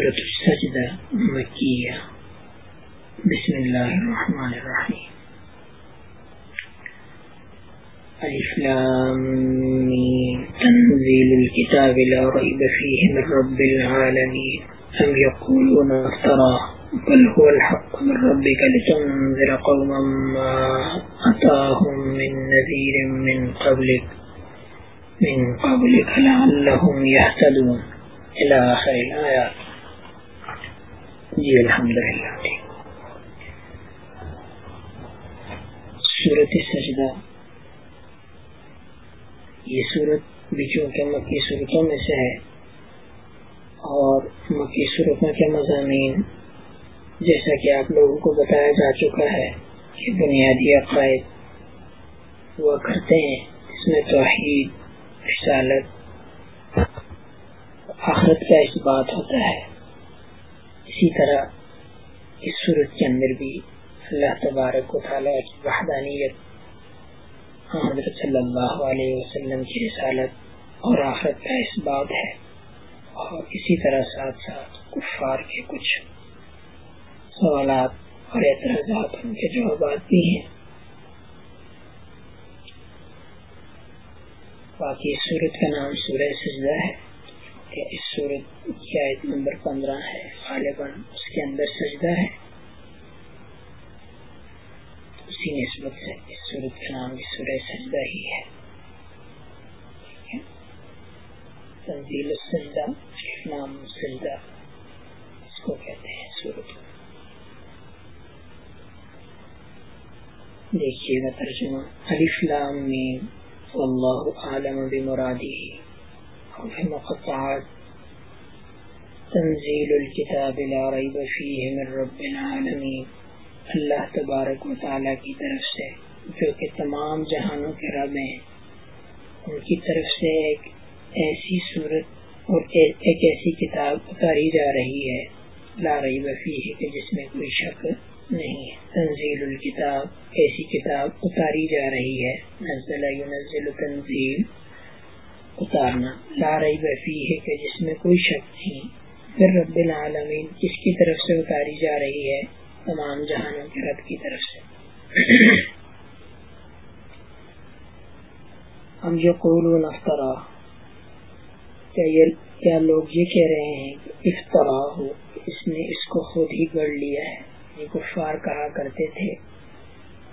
سورة السجدة مكية بسم الله الرحمن الرحيم ألف لام تنزيل الكتاب لا ريب فيه من رب العالمين أم يقولون افتراه بل هو الحق من ربك لتنذر قوما ما أتاهم من نذير من قبلك من قبلك لعلهم يهتدون إلى آخر الآيات جی الحمد للہ سجدہ یہ سورت بھی کے مکی صورتوں میں سے ہے اور مکی کے مضامین جیسا کہ آپ لوگوں کو بتایا جا چکا ہے کہ بنیادی عقائد ہوا کرتے ہیں اس میں توحید رسالت آخرت کا اس بات ہوتا ہے اسی طرح اس صورت کے اندر بھی اللہ تبارک و تعالیٰ کی وحدانیت ہاں، حضرت صلی اللہ علیہ وسلم کی رسالت اور آخرت کا اس بات ہے اور اسی طرح ساتھ ساتھ کفار کے کچھ سوالات اور اعتراضات ان کے جوابات بھی ہیں باقی اس صورت کا نام سورہ سجدہ ہے اس سورت نمبر پندرہ ہے غالباً اس کے اندر سجدہ ہے اسی نسبت سے اس سورہ سجدہ ہی ہے نام سجدہ اس کو کہتے ہیں سورت دیکھیے گا ترجمہ علی فلام میں اللہ عالم بمرادی مرادی الکتاب تنظیل الکتاب فیہ من رب العالمین اللہ تبارک و تعالیٰ کی طرف سے جو کہ تمام جہانوں کے رب ہیں ان کی طرف سے ایک ایسی صورت اور ایک ایسی کتاب اتاری جا رہی ہے لا ریب بفی کے جس میں کوئی شک نہیں ہے تنزیل الکتاب ایسی کتاب اتاری جا رہی ہے نزل ینزل تنزیل اتارنا لا رہی ویسی ہے جس میں کوئی شک نہیں پھر رب العالمین کس کی طرف سے اتاری جا رہی ہے تمام جہانوں کے رب کی طرف سے ہم یہ قول کیا کیا لوگ یہ کہہ رہے ہیں کہ افطرا ہو اس نے اس کو خود ہی گڑھ لیا ہے یہ کفار کہا کرتے تھے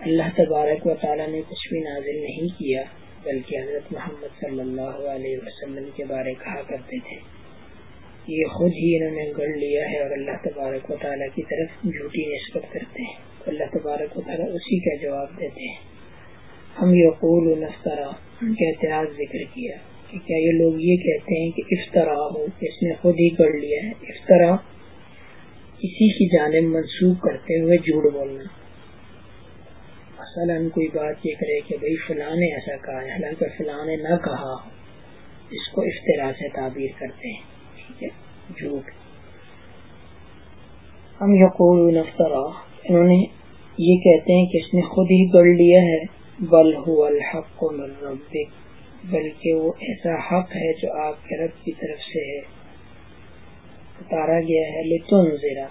اللہ تبارک و تعالیٰ نے کچھ بھی نازل نہیں کیا بلکہ حضرت محمد صلی اللہ علیہ وسلم کے بارے کہا کرتے تھے یہ خود ہی انہوں نے گڑھ لیا ہے اور اللہ تبارک و تعالیٰ کی طرف جھوٹی نسبت کرتے ہیں اللہ تبارک و تعالیٰ اسی کا جواب دیتے ہیں ہم یہ قول و نسترا ان کا اعتراض ذکر کیا کہ کیا یہ لوگ یہ کہتے ہیں کہ اس طرح ہو اس نے خود ہی گڑھ لیا ہے اس طرح کسی کی جانب منسوخ کرتے ہوئے جھوٹ بولنا کوئی بات یہ کرے کہ بھائی فلاں نے ایسا کہا ہے حالانکہ فلاں نے نہ کہا اس کو افطرا سے تعبیر کرتے ہیں جھوٹ ہم انہوں نے یہ کہتے ہیں کہ اس نے خود ہی گڑھ لیا ہے بل ہو بلکہ وہ ایسا حق ہے جو آپ کے رب کی طرف سے ہے اتارا گیا ہے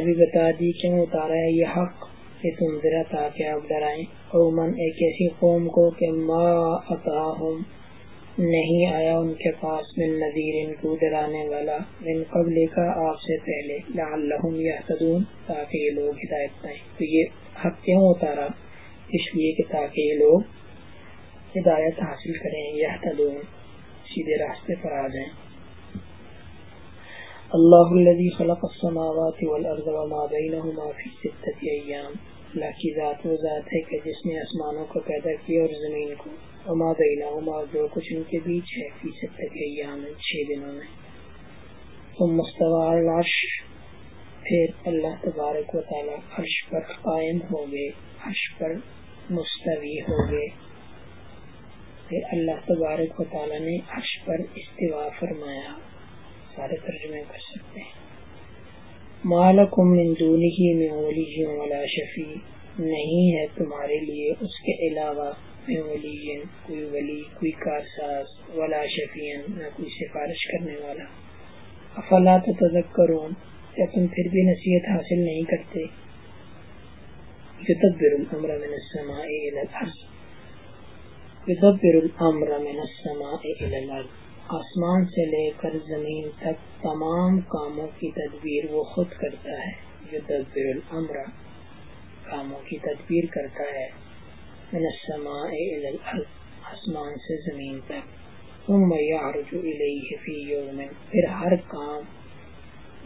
ابھی بتا دی کیوں اتارا ہے یہ حق کہ تم ذرا تاکہ آپ ڈرائیں عموماً ایک ایسی قوم کو کہ ما اتاہم نہیں آیا ان کے پاس من نذیر ان کو ڈرانے والا من قبل کا آپ سے پہلے لعلہم یحتدون تاکہ یہ لوگ ہدایت پائیں تو یہ حق کیوں اتارا اس لیے کہ تاکہ یہ لوگ ہدایت حاصل کریں یحتدون سیدھے راستے پر آ جائیں اللہ الذي خلق السماوات والارض وما بينهما في ستة ايام اللہ کی ذات وہ ذات ہے کہ جس نے آسمانوں کو پیدا کیا اور زمین کو بینا اما جو کچھ ان کے بیچ ہے فیصد تک ایام چھ دنوں میں تو لاش پھر اللہ تبارک و تعالیٰ عرش پر قائم ہو گئے عرش پر مستوی ہو گئے پھر اللہ تبارک و تعالیٰ نے عرش پر استوا فرمایا سارے ترجمے کر سکتے ہیں مالکم من دونہی من ولی ولا شفیع نہیں ہے تمہارے لیے اس کے علاوہ من ولی کوئی ولی کوئی کارساز ولا شفیع نہ کوئی سفارش کرنے والا افلا تذکرون یا تم پھر بھی نصیحت حاصل نہیں کرتے یدبر الامر من السماء الى الارض یدبر الامر من السماء الى الارض آسمان سے لے کر زمین تک تمام کاموں کی تدبیر وہ خود کرتا ہے جو تدبیر العمر کاموں کی تدبیر کرتا ہے من السماء الی الارض آسمان سے زمین تک ثم یعرج الیہ فی یوم پھر ہر کام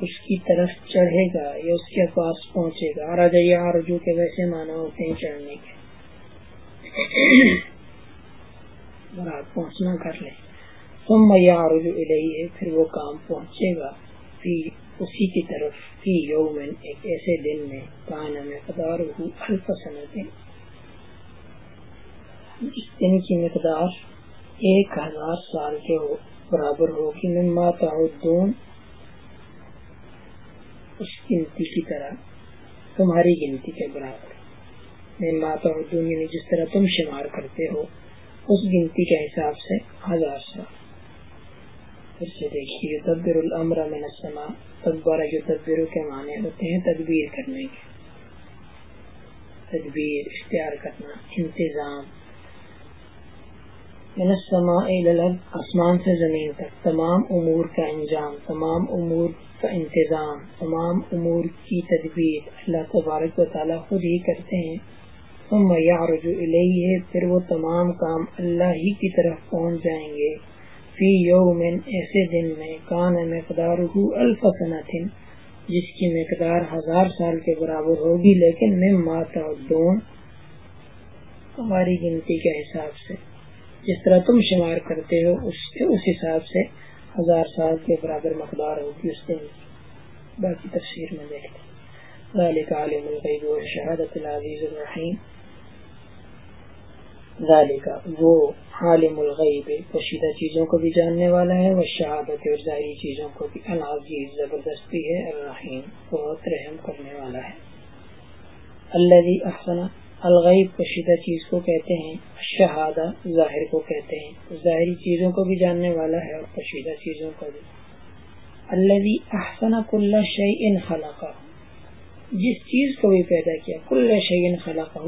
اس کی طرف چڑھے گا یا اس کے پاس پہنچے گا اور رجوع کے ویسے مانا ہوتے ہیں چڑھنے کے اور آپ پہنچنا کر لیں ثم میار الیہ پھر وہ کام پہنچے گا اسی کی طرف یومن ایک ایسے دن میں مقدار مقدار دن کی ایک ہزار سال کے ہو برابر ہوگی ہوں تعدون اس گنتی کی طرح تمہاری گنتی کے برابر ماتا ہوں یعنی جس طرح تم شمار کرتے ہو اس گنتی کے حساب سے ہزار سال سے دیکھیے نسما المرسما جو تدبیروں کے معنی ہوتے ہیں تدبیر کرنے کے تدبیر اختیار کرنا انتظام انتظامہ آسمان سے زمین تک تمام امور کا انجام تمام امور کا انتظام تمام امور کی تدبیر اللہ تبارک و تعالیٰ خود ہی کرتے ہیں ہم معیار الہی ہے پھر وہ تمام کام اللہ ہی کی طرف پہنچ جائیں گے فی یوم ایسے دن میں کان مقدار الف سات جس کی مقدار ہزار سال کے برابر ہوگی لیکن میں ماتا دون ہماری گنتی کے حساب سے جس طرح تم شمار کرتے ہو اس اس حساب سے ہزار سال کے برابر مقدار ہوگی اس دن باقی تفسیر میں دیکھتے عالم العزیز الرحیم وہ عالم الغیب پوشیدہ چیزوں کو بھی جاننے والا ہے وہ شہادت اور ظاہری چیزوں کو بھی زبردستی ہے الرحیم بہت رحم کرنے والا ہے اللہ الغیب پوشیدہ چیز کو کہتے ہیں شہادہ ظاہر کو کہتے ہیں ظاہری چیزوں کو بھی جاننے والا ہے اور پوشیدہ چیزوں کو بھی اللہ کل شعی ان خلاقہ جس چیز کو بھی پیدا کیا کلّہ شعین خلاقہ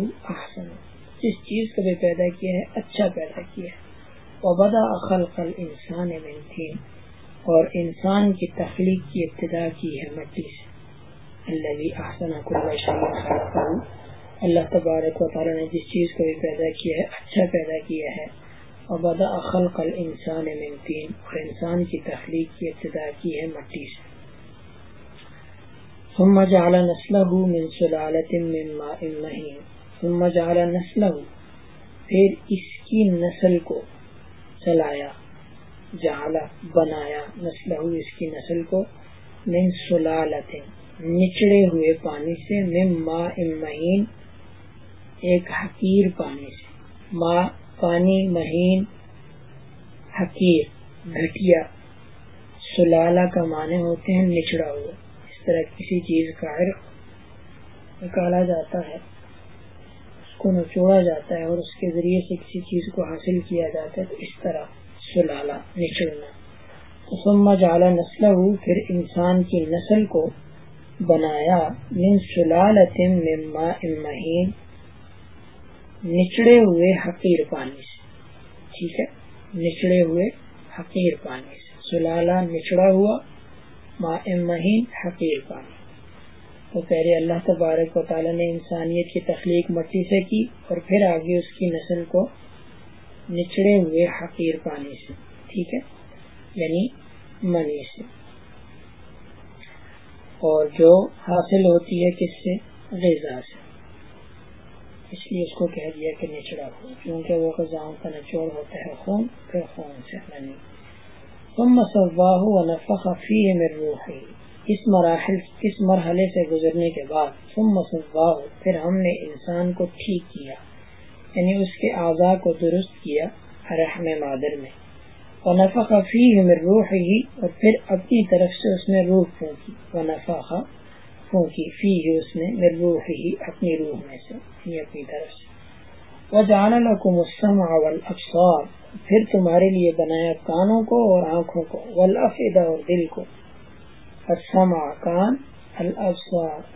جس چیز کو بھی پیدا کیا ہے اچھا پیدا کیا ہے ابدا عقل قل انسان اور انسان کی تخلیق کی ابتدا کی ہے مٹی سے اللہ احسن اللہ تبارک و تعالیٰ نے جس چیز کو بھی پیدا کیا ہے اچھا پیدا کیا ہے خلق الانسان من انسان اور انسان کی تخلیق کی ابتدا کی ہے مٹی سے ثم جعل من من ثم نسل نسلہ پھر اس کی نسل کو چلایا جانا بنایا نسل اس کی نسل کو من سلالت نچڑے ہوئے پانی سے من ما مہین ایک حقیر پانی سے ما پانی مہین حقیر گٹیا سلالہ کا معنی ہوتے ہیں نچڑا ہوا اس طرح کسی چیز کا عرق نکالا جاتا ہے کو نچوڑا جاتا ہے اور اس کے ذریعے سے کسی چیز کو حاصل کیا جاتا ہے تو اس طرح سلالا نچڑنا سما جلا نسل ہو پھر انسان کی نسل کو بنایا من مہین نچڑے ہوئے حقیر پانی سے ٹھیک ہے نچڑے ہوئے حقیر پانی سے سلالہ نچڑا ہوا ما مہین حقیر پانی تو پہلے اللہ تبارک و تعالیٰ نے انسانیت کی تخلیق مٹی سے کی اور پھر آگے اس کی نسل کو نچڑے ہوئے حقیر پانی سے ٹھیک ہے یعنی منی سے اور جو حاصل ہوتی ہے کس سے غذا سے اس لیے اس کو کہہ دیا کہ نچڑا ہو کیونکہ وہ غذاؤں کا نچوڑ ہوتا ہے خون پھر خون سے منی اس مراحل اس مرحلے سے گزرنے کے بعد ثم پھر ہم نے انسان کو ٹھیک کیا یعنی اس کے اعضاء کو درست کیا رحم مادر میں وہ نفاق فیح میں روح ہی اور پھر اپنی طرف سے اس میں روح پھونکی وہ نفاق پھونکی فی ہی اس نے میں روح ہی اپنی روح میں سے یعنی اپنی طرف سے وہ جان السمع والابصار پھر تمہارے لیے بنایا کانوں کو اور آنکھوں کو والافیدہ اور دل کو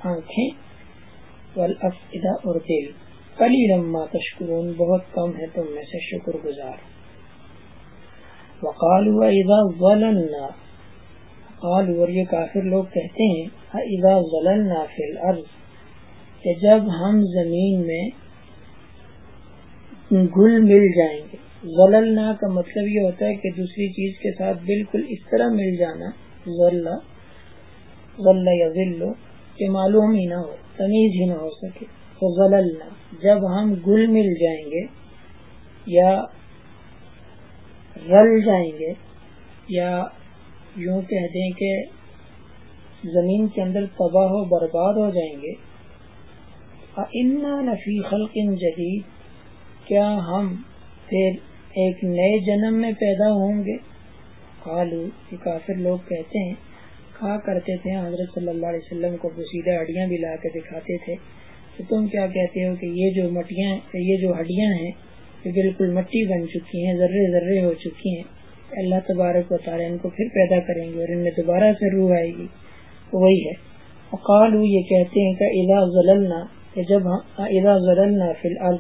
آنکھیں والافئدہ اور دل کلی رما تشکر بہت کم ہے تم میں سے شکر گزار اور یہ کافر لوگ کہتے ہیں کہ جب ہم زمین میں گل مل جائیں گے ظللنا کا مطلب یہ ہوتا ہے کہ دوسری چیز کے ساتھ بالکل اس طرح مل جانا ذلہ یا ذلو کہ معلوم ہی نہ ہو تمیز ہی نہ ہو سکے تو جب ہم گل مل جائیں گے یا رل جائیں گے یا یوں کہہ دیں کہ زمین کے اندر تباہ و برباد ہو جائیں گے نفی خلق قن جدید کیا ہم پھر ایک نئے جنم میں پیدا ہوں گے کالو کافر لوگ کہتے ہیں کھا کرتے تھے حضرت صلی اللہ علیہ وسلم کو پوسیدہ ہڈیاں بھی لا کے دکھاتے تھے تو تم کیا کہتے ہو کہ یہ جو مٹیاں یہ جو ہڈیاں ہیں یہ بالکل مٹی بن چکی ہیں ذرے ذرے ہو چکی ہیں اللہ تبارک و تعالیٰ ان کو پھر پیدا کریں گے اور ان میں دوبارہ سے روح آئے گی وہی ہے قالو یہ کہتے ہیں کہ ادا جب ادا زلنا فی الحال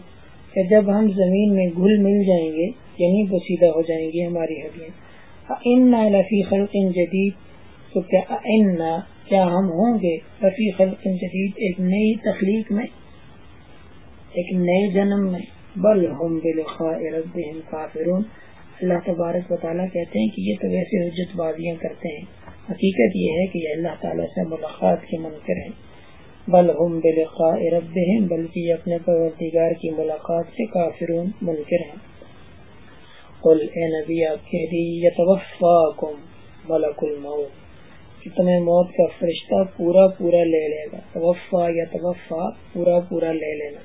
جب ہم زمین میں گھل مل جائیں گے یعنی پوسیدہ ہو جائیں گی ہماری ہڈیاں ان لفی خلق ان جدید تو کیا ان کیا ہم ہوں گے فی خلق جدید ایک نئی تخلیق میں ایک نئے جنم میں بل ہم بلقاء ربهم کافرون اللہ تبارک و تعالیٰ کہتے ہیں کہ یہ تو ویسے حجت بازیاں کرتے ہیں حقیقت یہ ہے کہ یہ اللہ تعالیٰ سے ملاقات کے منکر ہیں بل ہم بلقاء ربهم بلکہ یہ اپنے پروردگار کی ملاقات سے کافرون منکر ہیں قل اے نبی آپ کہہ دیجیے ملک الموت تمہیں موت کا فرشتہ پورا پورا لے لے گا توفا یا توفا پورا پورا لے لینا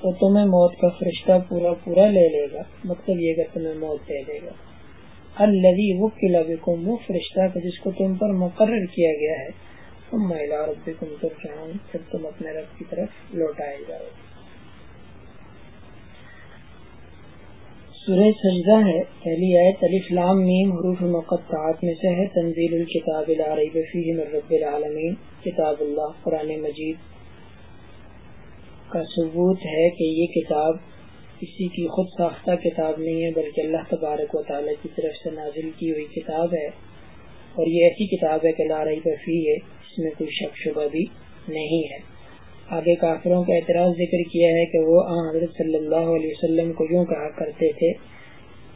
تو تمہیں موت کا فرشتہ پورا پورا لے لے گا مطلب یہ کہ تمہیں موت دے لے گا القلا وہ فرشتہ جس کو تم پر مقرر کیا گیا ہے تم مہیلا اور بھی تم پھر تم اپنے رب کی طرف لوٹائے جاؤ سورہ سجدہ ہے پہلی آئے طلف لام میں سے ہے تنزیل الکتاب العرب فیہ من رب العالمین کتاب اللہ قرآن مجید کا ثبوت ہے کہ یہ کتاب کسی کی خود ساختہ کتاب نہیں ہے بلکہ اللہ تبارک و تعالیٰ کی طرف سے نازل کی ہوئی کتاب ہے اور یہ ایسی کتاب ہے کہ پر فی ہے اس میں کوئی شک شبہ بھی نہیں ہے آگے کافروں کا اعتراض ذکر کیا ہے کہ وہ آن حضرت صلی اللہ علیہ وسلم کو یوں کہا کرتے تھے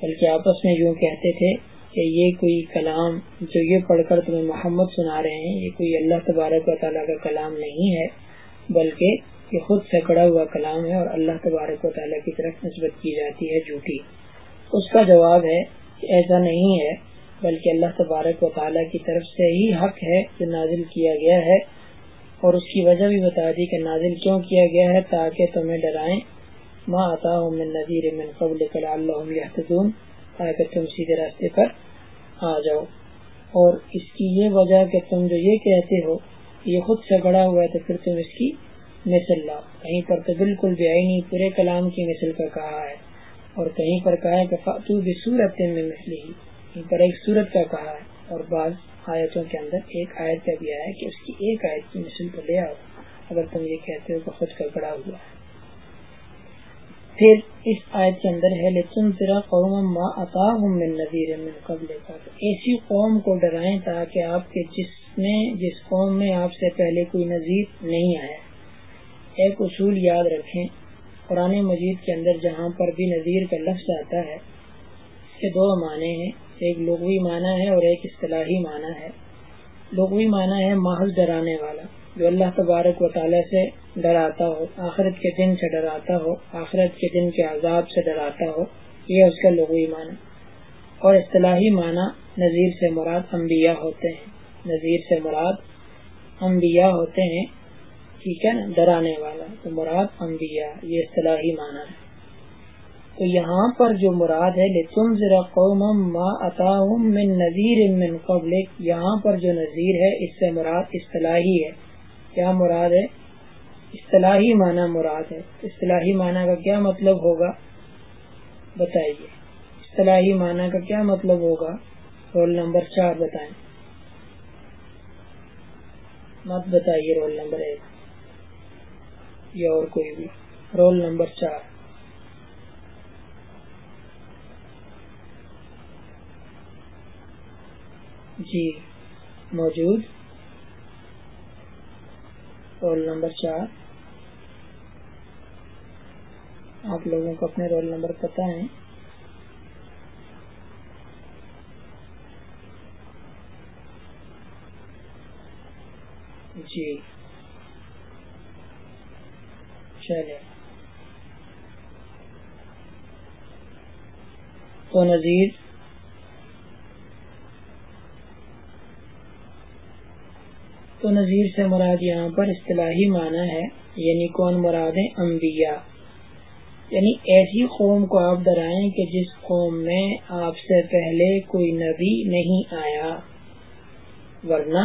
بلکہ آپس میں یوں کہتے تھے کہ یہ کوئی کلام جو یہ پڑھ کر تمہیں محمد سنا رہے ہیں یہ کوئی اللہ تبارک و تعالیٰ کا کلام نہیں ہے بلکہ یہ خود سے کڑا ہوا کلام ہے اور اللہ تبارک و تعالیٰ کی طرف نسبت کی جاتی ہے جھوٹی اس کا جواب ہے کہ ایسا نہیں ہے بلکہ اللہ تبارک و تعالیٰ کی طرف سے ہی حق ہے جو نازل کیا گیا ہے اور اس کی وجہ بھی بتا دی کہ نازل کیوں کیا گیا ہے تاکہ تمہیں ڈرائیں ما من ڈرائے قبول اللہ تم سیدھے راستے پر آ جاؤ اور اس کی یہ وجہ کہ تم جو یہ کہتے ہو یہ خود سے بڑا ہوا ہے تو پھر تم اس کی مثل لاؤ کہیں پر تو بالکل بھی آئی نہیں پورے کلام کی مثل کا کہا ہے اور کہیں پر کہا ہے کہ فاتو میں مثلی ہی کہیں پر ایک صورت کا کہا ہے اور بعض آیتوں کے اندر ایک آیت کا بھی آیا کہ اس کی ایک آیت کی مثل لے آؤ اگر تم یہ کہتے ہو کہ خود کا بڑا ہوا ہے پھر اس آیت کے اندر ہے لیکن ذرا قوم ما من نظیر ایسی قوم کو ڈرائیں تاکہ آپ کے جس میں جس قوم میں آپ سے پہلے کوئی نظیر نہیں آیا ایک اصول یاد رکھیں قرآن مجید کے اندر جہاں پر بھی نظیر کا لفظ آتا ہے اس کے دو معنی ہیں ایک لغوی معنی ہے اور ایک اصطلاحی معنی ہے لغوی معنی ہے محض ڈرانے والا جو اللہ تبارک و تعالیٰ سے ڈراتا ہو آخرت کے دن سے ڈراتا ہو آخرت کے دن کے عذاب سے ڈراتا ہو یہ اس کا لغوی معنی اور اصطلاحی معنی نذیر سے مراد انبیاء ہوتے ہیں نذیر سے مراد انبیاء ہوتے ہیں ٹھیک ہے نا ڈرانے والا تو مراد انبیاء یہ اصطلاحی معنی ہے تو یہاں پر جو مراد ہے لتم ذرا قومم ما من قبل یہاں پر جو نذیر ہے اس سے مراد اصطلاحی ہے کیا مراد ہے اصطلاحی معنی مراد ہے اصطلاحی معنی کا کیا مطلب ہوگا بتائیے اصطلاحی معنی کا کیا مطلب ہوگا رول نمبر چار بتائیں مت بتائیے رول نمبر ایک یا اور کوئی بھی رول نمبر چار جی موجود رول نمبر چار آپ لوگوں کو اپنے رول نمبر پتہ ہے جی چلے تو نذیر تو نظیر سے مراد یہاں پر اصطلاحی معنی ہے یعنی کون مراد ہے انبیاء یعنی ایسی قوم کو آپ ڈرائیں کہ جس قوم میں آپ سے پہلے کوئی نبی نہیں آیا ورنہ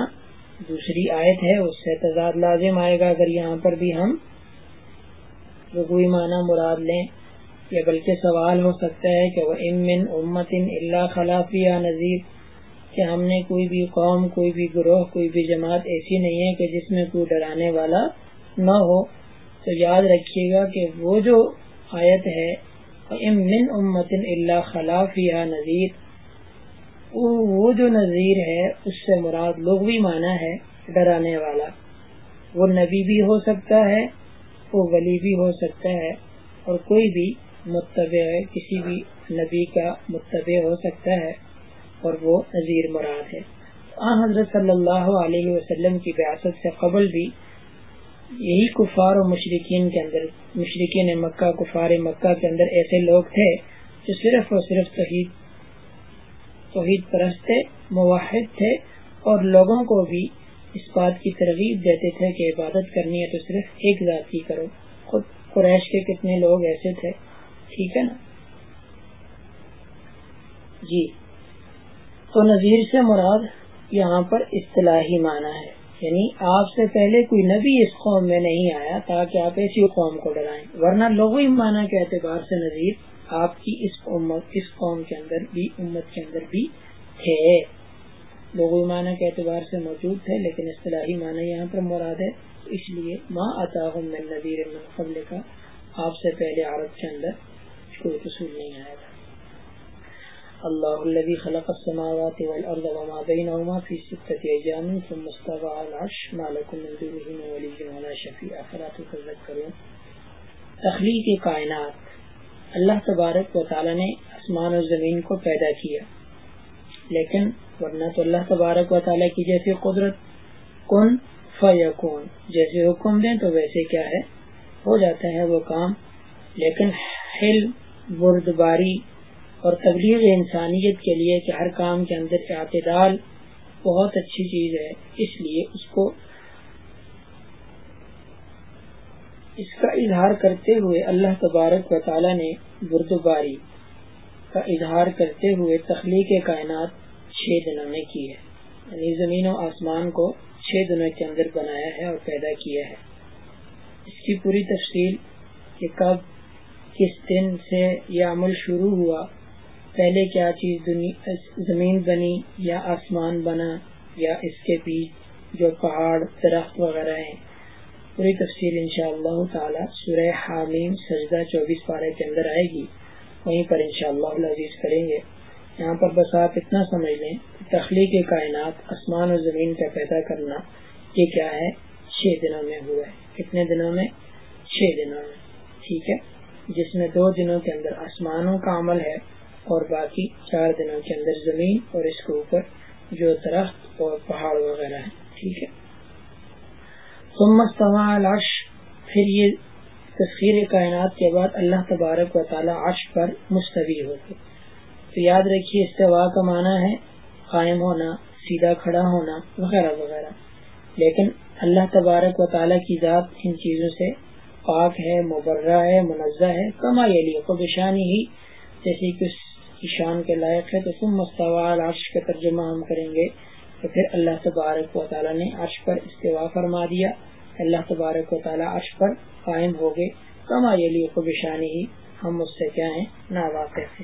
دوسری آیت ہے اس سے تضاد لازم آئے گا اگر یہاں پر بھی ہم کوئی معنی مراد لیں یا بلکہ سوال ہو سکتا ہے کہ وہ امن امت اللہ خلافیہ نذیر کہ ہم نے کوئی بھی قوم کوئی بھی گروہ کوئی بھی جماعت ایسی نہیں ہے کہ جس میں کوئی ڈرانے والا نہ ہو تو یاد رکھیے گا کہ وہ جو آیت ہے امن امتن اللہ خلاف یا نذیر وہ جو نذیر ہے اس سے مراد لوگ بھی مانا ہے ڈرانے والا وہ نبی بھی ہو سکتا ہے وہ ولی بھی ہو سکتا ہے اور کوئی بھی متبع کسی بھی نبی کا متبع ہو سکتا ہے اور وہ نذیر مراد ہے حضرت صلی اللہ علیہ وسلم کی بیاست سے قبل بھی یہی کفار و مشرقین مشرقین کے کے اندر مکہ مکہ کفار اندر ایسے لوگ تھے جو صرف اور صرف توحید توحید پرست تھے موحد تھے اور لوگوں کو بھی اس بات کی ترغیب دیتے تھے کہ عبادت کرنی ہے تو صرف ایک ذات کی کرو خود قریش کے کتنے لوگ ایسے تھے ٹھیک ہے نا جی تو نظیر سے مراد یہاں پر اصطلاحی معنی ہے یعنی آپ سے پہلے کوئی نبی اس قوم میں نہیں آیا تاکہ آپ ایسی قوم کو ڈرائیں ورنہ ہی معنی کے اعتبار سے نذیر آپ کی اس قوم کے اندر بھی امت کے اندر بھی تھے لوگوں معنی کے اعتبار سے موجود تھے لیکن اصطلاحی معنی یہاں پر مراد ہے اس لیے ماں من میں من قبل کا آپ سے پہلے عرب کے اندر کوئی قصول نہیں آیا تھا الله الذي خلق السماوات والأرض وما بينهما في ستة أيام ثم استوى على العرش ما لكم من دونه من ولي ولا شفيع فلا تذكرون تخلیق کائنات اللہ تبارک و تعالی نے اسمان اور زمین کو پیدا کیا لیکن ورنہ تو اللہ تبارک و تعالی کی جیسی قدرت کن فیکون جیسے حکم دیں تو ویسے کیا ہے ہو جاتا ہے وہ کام لیکن حل بردباری اور تبلیغ انسانیت کے لیے کہ ہر کام کے اندر اعتدال بہت اچھی چیز ہے اس لیے اس کو اس کا اظہار کرتے ہوئے اللہ تبارک و تعالیٰ نے بردوباری کا اظہار کرتے ہوئے تخلیق کائنات چھ دنوں میں کی ہے یعنی زمین و آسمان کو چھ دنوں کے اندر بنایا ہے اور پیدا کیا ہے اس کی پوری تفصیل کہ کب کس دن سے یہ عمل شروع ہوا پہلے کیا چیز زمین بنی یا آسمان بنا یا اس کے بیچ جو پہاڑ درخت وغیرہ ہیں پوری تفصیل ان شاء اللہ تعالیٰ سجدہ چوبیس پارے کے اندر آئے گی وہیں پر انشاءاللہ اللہ عزیز کریں گے یہاں پر بس آپ اتنا سمجھ لیں تخلیق کائنات آسمان اور زمین کا پیدا کرنا یہ کیا ہے چھ دنوں میں ہوا ہے کتنے دنوں میں چھ دنوں میں ٹھیک ہے جس میں دو دنوں کے اندر آسمانوں کا عمل ہے اور باقی چار دنوں کے اندر زمین اور اس کے اوپر جو درخت اور پہاڑ وغیرہ ہیں ٹھیک ہے عرش پھر یہ تصویر کائنات کے بعد اللہ تبارک و تعالی عرش پر ہو گئے تو یاد رکھیے استوا کا معنی ہے قائم ہونا سیدھا کھڑا ہونا وغیرہ وغیرہ لیکن اللہ تبارک و تعالیٰ کی ذات ان چیزوں سے پاک ہے مبرہ ہے منزہ ہے کما بشانی لیے جیسے کہ اس کی شان کے لائق ہے تو تم مستوال عرش کا ترجمہ ہم کریں گے تو پھر اللہ تبارک و تعالیٰ نے عرش پر فرما دیا اللہ تبارک و تعالیٰ عرش پر قائم ہو گئے کم آئے کو بشانی کیا ہیں نا واقف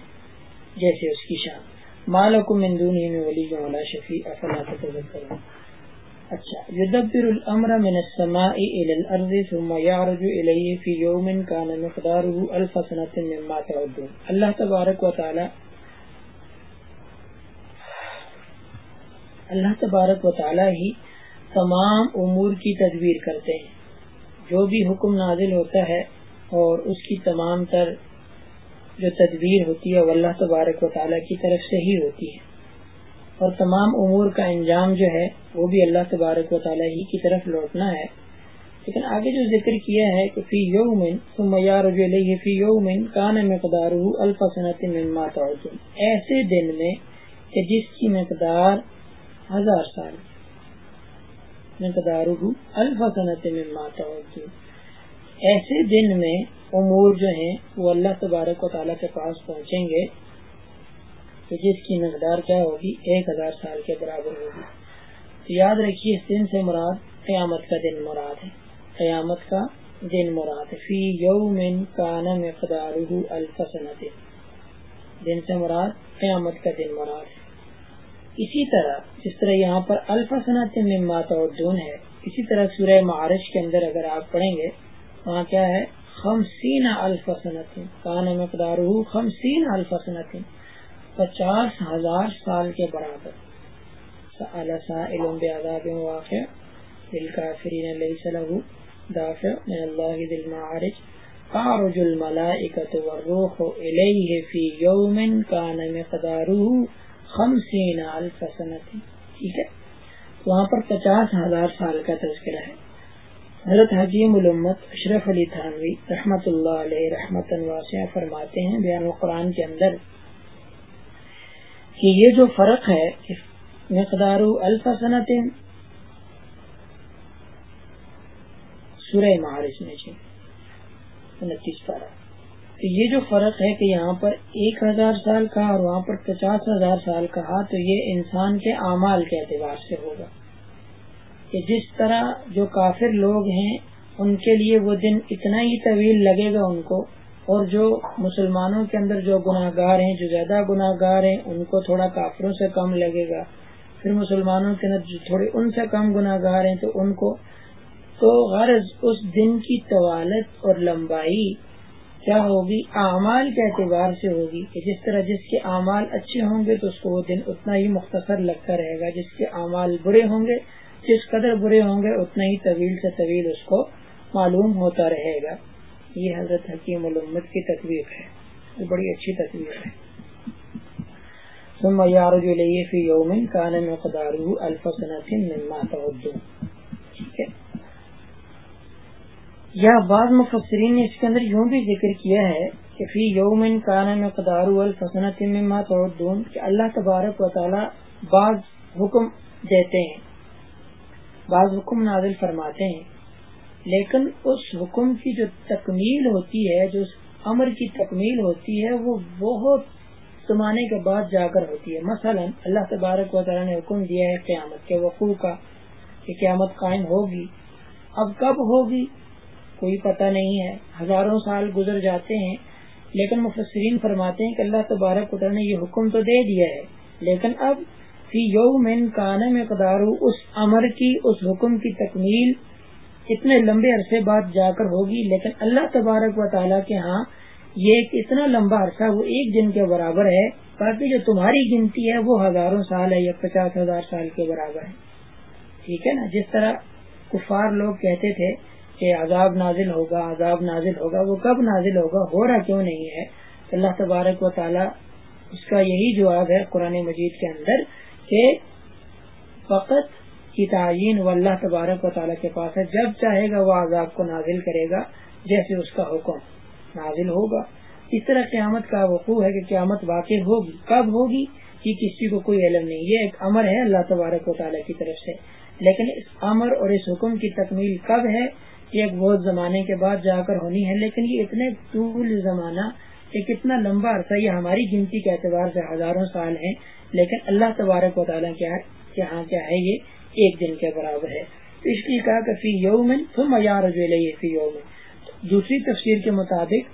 جیسے اس کی شان مالک مندی اچھا اللہ تبارک و تعالیٰ اللہ تبارک و تعالی ہی تمام امور کی تدبیر کرتے ہیں جو بھی حکم نازل ہوتا ہے اور اس کی تمام تر جو تدبیر ہوتی ہے وہ اللہ تبارک و تعالیٰ کی طرف سے ہی ہوتی ہے اور تمام امور کا انجام جو ہے وہ بھی اللہ تبارک و تعالیٰ ہی کی طرف لوٹنا ہے لیکن آگے جو ذکر کیا ہے کہ فی یومن یومینج فی یومن کان مقدار الفاصنت مما ایسے دن میں کہ جس کی مقدار ہزار سال میں الفا صنعت میں ایسے دن میں امور جو ہیں وہ اللہ تبارک و تعالیٰ کے پاس پہنچیں گے جس کی مقدار کیا ہوگی ایک ہزار سال کے برابر ہوگی یاد رکھیے اس دن سے مراد قیامت کا دن مراد ہے قیامت کا دن مراد ہے فی فیوم کا الفا صنعت دن سے مراد قیامت کا دن مراد ہے اسی طرح جس طرح یہاں پر صنعت ممات اور دون ہے اسی طرح سورہ معارج کے اندر اگر آپ پڑھیں گے وہاں کیا ہے خم سین الفاصنت کان مقدار الفا الفاصنت پچاس ہزار سال کے برابر واقع دل کا فرین سلح اللہ دل فی یوم روح کا ٹھیک ہے وہاں پر پچاس ہزار سال کا تذکرہ ہے حضرت حجیم الامت اشرف علی تھانوی رحمت اللہ علیہ رحمت فرماتے ہیں بیان القرآن کے اندر کہ یہ جو فرق ہے مقدار صنعت سورہ مہارج میں جی۔ انتیس یہ جو فرق ہے کہ یہاں پر ایک ہزار سال کا اور وہاں پر پچاس ہزار سال کا تو یہ انسان کے اعمال کے اعتبار سے ہوگا کہ جس طرح جو کافر لوگ ہیں ان کے لیے وہ دن اتنا ہی طویل لگے گا ان کو اور جو مسلمانوں کے اندر جو گناہ گار ہیں جو زیادہ گار ہیں ان کو تھوڑا کافروں سے کم لگے گا پھر مسلمانوں کے اندر جو تھوڑے ان سے کم گناہ گار ہیں تو ان کو تو غرض اس دن کی طوالت اور لمبائی کیا ہوگی اعمال کے اعتبار سے ہوگی کہ جس طرح جس کے اعمال اچھے ہوں گے تو اس کو وہ دن اتنا ہی مختصر لگتا رہے گا جس کے اعمال برے ہوں گے جس قدر برے ہوں گے اتنا ہی طویل سے طویل اس کو معلوم ہوتا رہے گا یہ حضرت حکیم الامت کی تقویف ہے بڑی اچھی تقویف ہے تعدون یا بعض مفسرین نے اس کے اندر یوں بھی ذکر کیا ہے کہ فی یوم کانا میں قدار الفسنت میں اور دون کہ اللہ تبارک و تعالی بعض حکم دیتے ہیں بعض حکم نازل فرماتے ہیں لیکن اس حکم کی جو تکمیل ہوتی ہے جو اس امر کی تکمیل ہوتی ہے وہ بہت زمانے کے بعد جا کر ہوتی ہے مثلا اللہ تبارک و تعالیٰ نے حکم دیا ہے قیامت کے وقوع کا کہ قیامت قائم ہوگی اب کب ہوگی کوئی پتہ نہیں ہے ہزاروں سال گزر جاتے ہیں لیکن مفسرین فرماتے ہیں کہ اللہ تبارک نے یہ حکم تو دے دیا ہے لیکن اب فی میں کان میں قدارو اس امر کی اس حکم کی تکمیل اتنے لمبے عرصے بعد جا کر ہوگی لیکن اللہ تبارک و تعالیٰ کے ہاں یہ اتنا لمبا عرصہ وہ ایک دن کے برابر ہے باقی جو تمہاری گنتی ہے وہ ہزاروں سال ہے یا پچاس ہزار سال کے برابر ہے ٹھیک ہے نا جس طرح کفار لوگ کہتے تھے کہ عذاب نازل ہوگا عذاب نازل ہوگا وہ کب نازل ہوگا ہو رہا کیوں نہیں ہے اللہ تبارک و تعالی اس کا یہی جواب ہے قرآن مجید کے اندر کہ فقط کی تعین و اللہ تبارک و تعالیٰ کے پاس ہے جب چاہے گا وہ عذاب کو نازل کرے گا جیسے اس کا حکم نازل ہوگا اس طرح قیامت کا وقوع ہے کہ قیامت واقع ہوگی کب ہوگی کسی کو کوئی علم نہیں یہ ایک امر ہے اللہ تبارک و تعالیٰ کی طرف سے لیکن اس امر اور اس حکم کی تکمیل کب ہے یہ بہت زمانے کے بعد جا کر ہونی ہے لیکن یہ اتنے طول زمانہ اتنا لمبا عرصہ یہ ہماری گنتی کے اعتبار سے ہزاروں سال ہیں لیکن اللہ تبارک و تعالیٰ کیا ہے یہ ایک دن کے برابر ہے اس لیے کہا کہ فی یومن میں تو میارے فی یومن دوسری تفسیر کے مطابق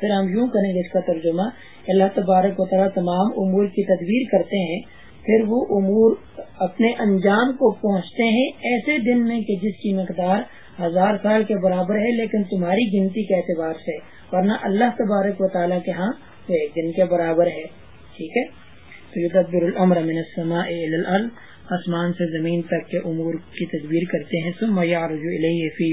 پھر ہم یوں کریں گے اس کا ترجمہ اللہ تبارک و تعالیٰ تمام امور کی تدبیر کرتے ہیں پھر وہ امور اپنے انجام کو پہنچتے ہیں ایسے دن میں کہ جس کی مقدار ہزار سال کے برابر ہے لیکن تمہاری گنتی کے اعتبار سے ورنہ اللہ تبارک و تعالیٰ کے ہاں جن کے برابر ہے ٹھیک ہے آسمان سے زمین تک کے امور کی تدبیر کرتے ہیں الیہ فی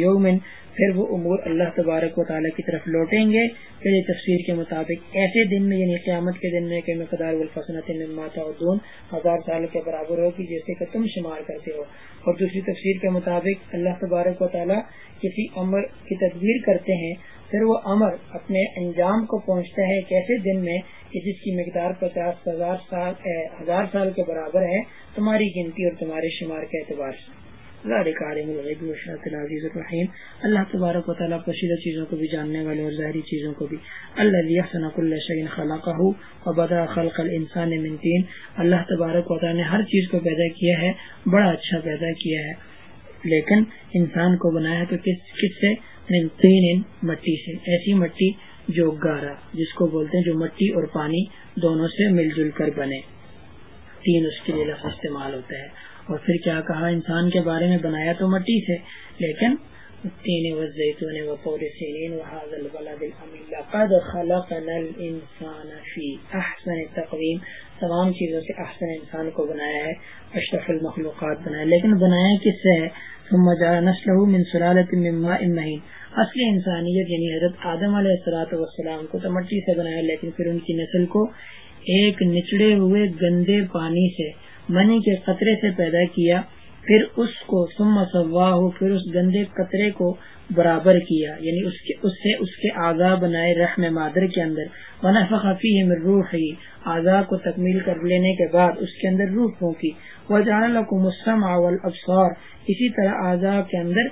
پھر وہ امور اللہ تبارک و تعالیٰ کی طرف لوٹیں گے پھر یہ تصویر کے مطابق ایسے دن میں یعنی قیامت کے دن میں کہ مقدار الفسنت ماتا دون ہزار سال کے برابر ہوگی جیسے کہ تم شمار کرتے ہو اور دوسری تصویر کے مطابق اللہ تبارک و تعالیٰ کسی عمر کی تدبیر کرتے ہیں پھر وہ امر اپنے انجام کو پہنچتا ہے ایسے دن میں کہ جس کی مقدار پچاس ہزار ہزار سال کے برابر ہے تمہاری گنتی اور تمہارے شمار کے اعتبار سے الرحیم اللہ تبارک و پشیدہ چیزوں کو بھی جاننے والے اور ظاہری چیزوں کو بھی اللہ خلا کا تبارک و تعالیٰ نے ہر چیز کو پیدا کیا ہے بڑا اچھا پیدا کیا ہے لیکن انسان کو بنایا تو کس کس سے مٹی سے ایسی مٹی جو گارا جس کو بولتے ہیں جو مٹی اور پانی دونوں سے مل جل کر بنے تین اس کے لیے لفظ استعمال ہوتا ہے اور پھر کیا کہا انسان کے بارے میں بنایا تو مٹی سے لیکن تقویم تمام چیزوں سے احسن انسان کو بنایا ہے اشرف المخلوقات بنایا لیکن بنایا کس سے ہے نسل اصل انسانیت یعنی حضرت آدم علیہ اثرات وسلام کو تو مٹی سے بنایا لیکن پھر ان کی نسل کو ایک نچڑے ہوئے گندے پانی سے منی کے قطرے سے پیدا کیا پھر اس کو پھر اس گندے قطرے کو برابر کیا یعنی اس کے اس سے اس کے آزا بنائے رحم مادر کے اندر روحی آزا کو تکمیل کر لینے کے بعد اس کے اندر روح پھونکی وہ جانا لکو مسلم اول اسی طرح آزا کے اندر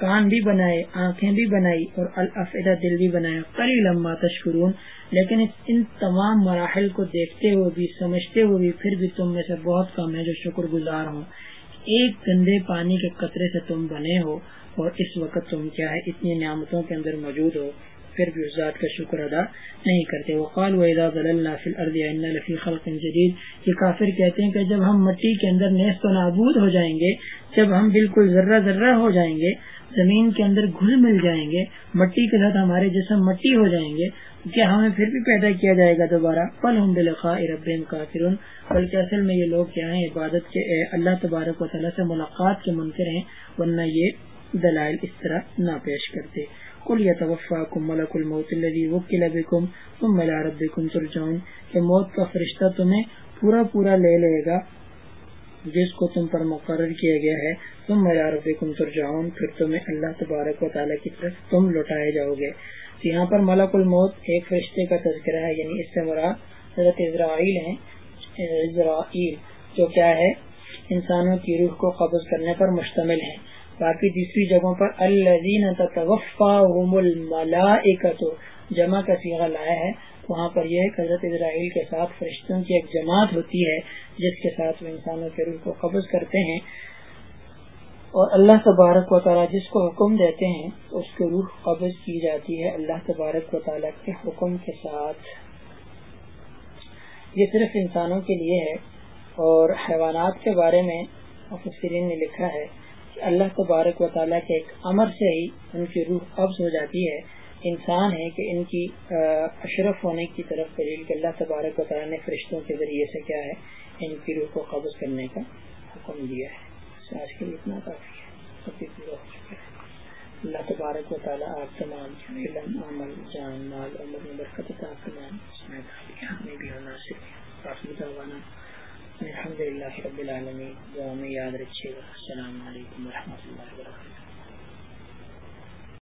کان بھی بنائے آنکھیں بھی بنائی اور الفیدہ دل بھی بنایا کری لمبا تشکرون لیکن ان تمام مراحل کو دیکھتے ہوئے بھی سمجھتے ہوئے بھی پھر بھی تم میں سے بہت کم ہے جو شکر گزار ہوں ایک گندے پانی کے قطرے سے تم بنے ہو اور اس وقت تم کیا ہے اتنی نعمتوں کے اندر موجود ہو پھر بھی اس ذات کا شکر ادا نہیں کرتے وہ قال و ضل جدید یہ کافر کہتے ہیں کہ جب ہم مٹی کے اندر نیست و نابود ہو جائیں گے جب ہم بالکل ذرہ ذرہ ہو جائیں گے زمین کے اندر گھل مل جائیں گے مٹی کے ساتھ ہمارے جسم مٹی ہو جائیں گے کیا ہمیں پھر بھی پیدا کیا جائے گا دوبارہ پل ہم بالخوا بلکہ اصل میں یہ لوگ کیا ہیں عبادت کے اللہ تبارک و تعالیٰ سے ملاقات کے منکر ہیں ورنہ یہ دلائل اس طرح نہ پیش کرتے کل یا تو موتی وکل اب تم ملا رب کم کہ موت کا فرشتہ تمہیں پورا پورا لے لے گا جس کو تم پر مقرر کیا گیا ہے تم میرا پھر تمہیں اللہ تبارک و تعالیٰ کی طرف تم لوٹائے جاؤ گے یہاں پر ملک الموت ایک فرشتے کا تذکرہ ہے یعنی اس سے حضرت اسرائیل ہیں اسرائیل جو کیا ہے انسانوں کی روح کو قبض کرنے پر مشتمل ہے باقی دوسری جگہوں پر تتوفاهم تو جمع کا سیاح لایا ہے وہاں پر یہ حضرت اسرائیل کے ساتھ فرشتوں کی ایک جماعت ہوتی ہے جس کے ساتھ وہ انسانوں کے روح کو قبض کرتے ہیں اور اللہ تبارک و تعالیٰ جس کو حکم دیتے ہیں اس کے روح قبض کی جاتی ہے اللہ تبارک و تعالیٰ کے حکم کے ساتھ یہ صرف انسانوں کے لیے ہے اور حیوانات کے بارے میں مفسرین نے لکھا ہے کہ اللہ تبارک و تعالیٰ کے ایک امر سے ہی ان کی روح قبض ہو جاتی ہے انسان ہے کہ ان کی اشرف ہونے کی طرف دلیل کہ اللہ تبارک و تعالیٰ نے فرشتوں کے ذریعے سے کیا ہے ان کی روح کو قبض کرنے کا حکم دیا ہے آج کے لیے اتنا کافی ہے سب اللہ تبارک و تعالیٰ آپ تمام علم عمل جان مال میں برکت الحمد للہ رب میں یاد رکھیے گا السلام علیکم و رحمۃ اللہ وبرکاتہ